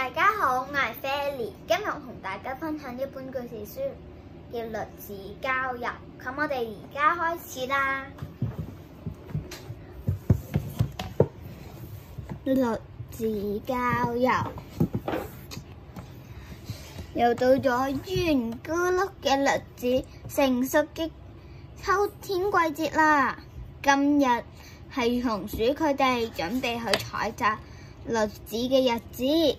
大家好，我係 Fely。今日同大家分享一本故事書，叫《栗子郊遊》。咁我哋而家開始啦，《栗子郊遊》。又到咗圓咕碌嘅栗子成熟嘅秋天季節啦。今日係松鼠佢哋準備去採摘栗子嘅日子。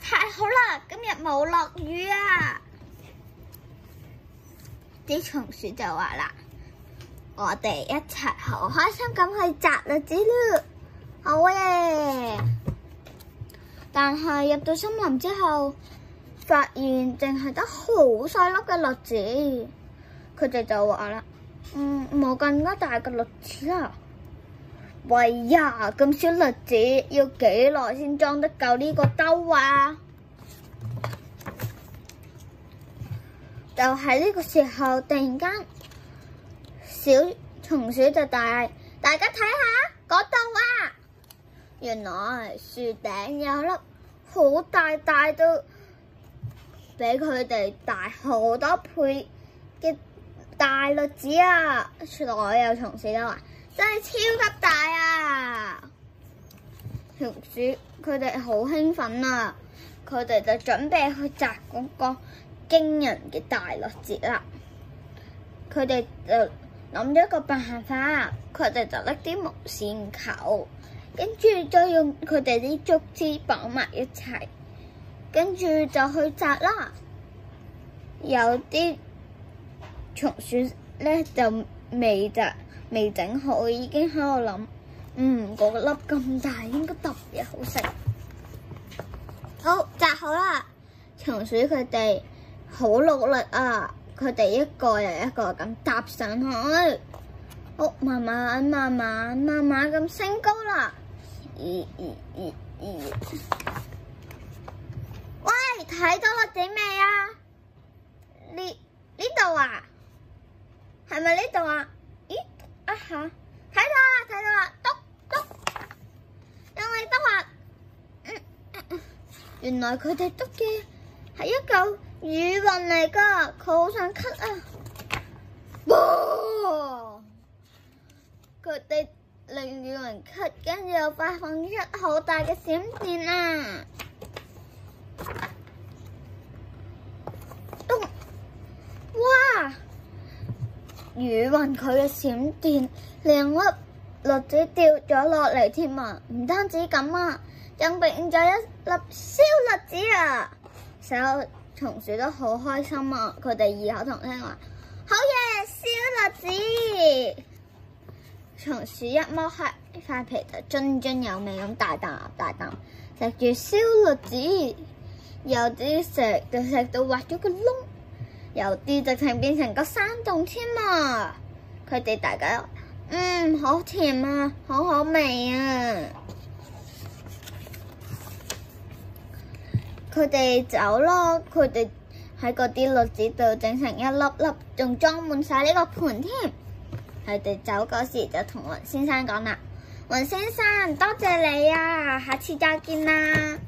太好啦！今日冇落雨啊！啲松鼠就話啦，我哋一齊好開心咁去摘栗子啦，好嘢！但係入到森林之後，發現淨係得好細粒嘅栗子，佢哋就話啦，嗯，冇更加大嘅栗子啦。喂呀！咁少栗子，要幾耐先裝得夠呢個兜啊？就喺呢個時候，突然間小松鼠就大，大家睇下，嗰度啊！原來樹頂有粒好大，大到比佢哋大好多倍嘅大栗子啊！來又松鼠都話，真係超級大啊！松鼠佢哋好興奮啊！佢哋就準備去摘嗰個驚人嘅大栗子啦。佢哋就諗咗個辦法，佢哋就拎啲毛線球，跟住再用佢哋啲竹枝綁埋一齊，跟住就去摘啦。有啲松鼠咧就未摘，未整好，已經喺度諗。嗯，嗰粒咁大，應該特別好食。好，摘好啦！松鼠佢哋好努力啊！佢哋一個又一個咁搭上去，好，慢慢慢慢慢慢咁升高啦。咦咦咦咦！喂，睇到粒栗子未啊？呢呢度啊？係咪呢度啊？咦？啊？下，睇到啦！睇到啦！原來佢哋篤嘅係一嚿雨雲嚟㗎，佢好想咳啊！哇！佢哋令雨雲咳，跟住又發放出好大嘅閃電啊！篤！哇！雨雲佢嘅閃電令粒栗子掉咗落嚟添啊！唔單止咁啊，仲變咗一～粒燒栗子啊！所有松鼠都好開心啊！佢哋異口同聲話：好嘢，燒栗子！松鼠一剝開塊皮就津津有味咁大啖大啖食住燒栗子，有啲食就食到挖咗個窿，有啲直情變成個山洞添啊！佢哋大家，嗯，好甜啊，好好味啊！佢哋走咯，佢哋喺嗰啲栗子度整成一粒粒，仲裝滿晒呢個盤添。佢哋走嗰時就同雲先生講啦：雲先生，多謝你啊，下次再見啦。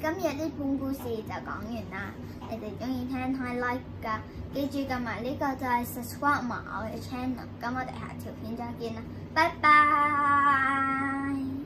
今日呢本故事就講完啦，你哋中意聽，high like 㗎，記住撳埋呢個就係 subscribe 埋我嘅 channel，咁我哋下條片再見啦，拜拜。